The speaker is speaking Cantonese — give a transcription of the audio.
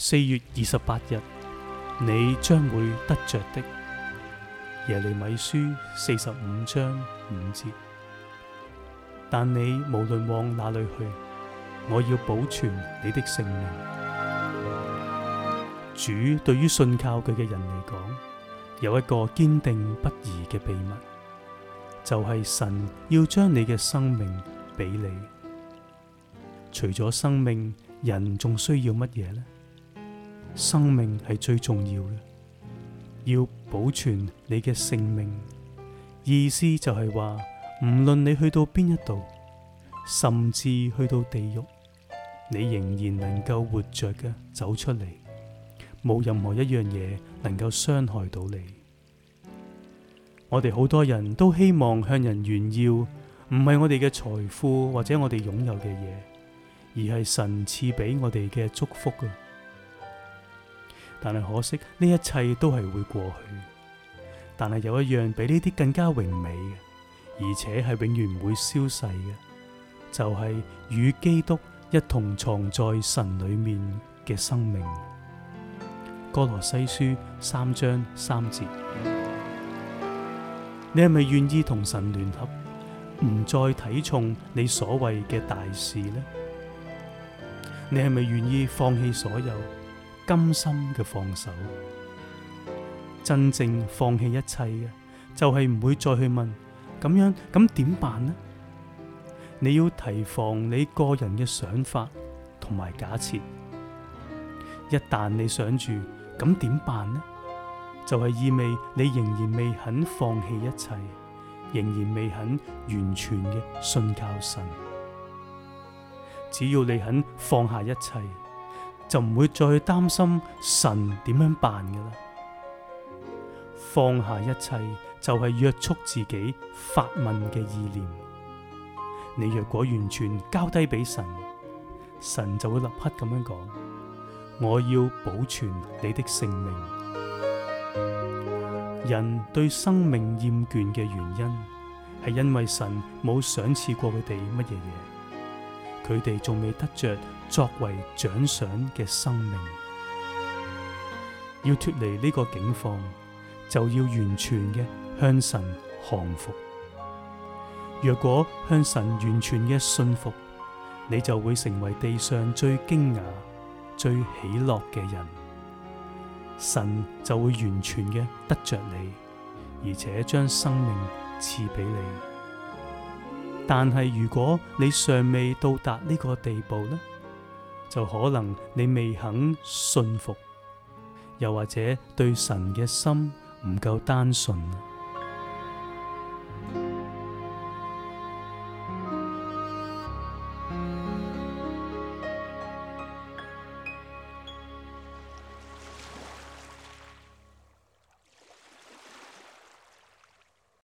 四月二十八日，你將會得着的耶利米書四十五章五節。但你無論往哪裏去，我要保存你的性命。主對於信靠佢嘅人嚟講，有一個堅定不移嘅秘密，就係、是、神要將你嘅生命俾你。除咗生命，人仲需要乜嘢呢？生命係最重要嘅，要保存你嘅性命。意思就係話，唔論你去到邊一度，甚至去到地獄，你仍然能夠活着嘅走出嚟，冇任何一樣嘢能夠傷害到你。我哋好多人都希望向人炫耀，唔係我哋嘅財富或者我哋擁有嘅嘢，而係神賜俾我哋嘅祝福嘅。但係可惜，呢一切都係會過去。但係有一樣比呢啲更加榮美嘅，而且係永遠唔會消逝嘅，就係、是、與基督一同藏在神裏面嘅生命。歌羅西書三章三節，你係咪願意同神聯合，唔再睇重你所謂嘅大事呢？你係咪願意放棄所有？甘心嘅放手，真正放棄一切嘅就係唔會再去問咁樣咁點辦呢？你要提防你個人嘅想法同埋假設，一旦你想住咁點辦呢，就係意味你仍然未肯放棄一切，仍然未肯完全嘅信靠神。只要你肯放下一切。就唔會再去擔心神點樣辦嘅啦，放下一切就係約束自己發問嘅意念。你若果完全交低俾神，神就會立刻咁樣講：我要保存你的性命。人對生命厭倦嘅原因，係因為神冇賞賜過佢哋乜嘢嘢。佢哋仲未得着作為獎賞嘅生命，要脫離呢個境況，就要完全嘅向神降服。若果向神完全嘅信服，你就會成為地上最驚訝、最喜樂嘅人。神就會完全嘅得着你，而且將生命賜俾你。但係，如果你尚未到達呢個地步呢，就可能你未肯信服，又或者對神嘅心唔夠單純。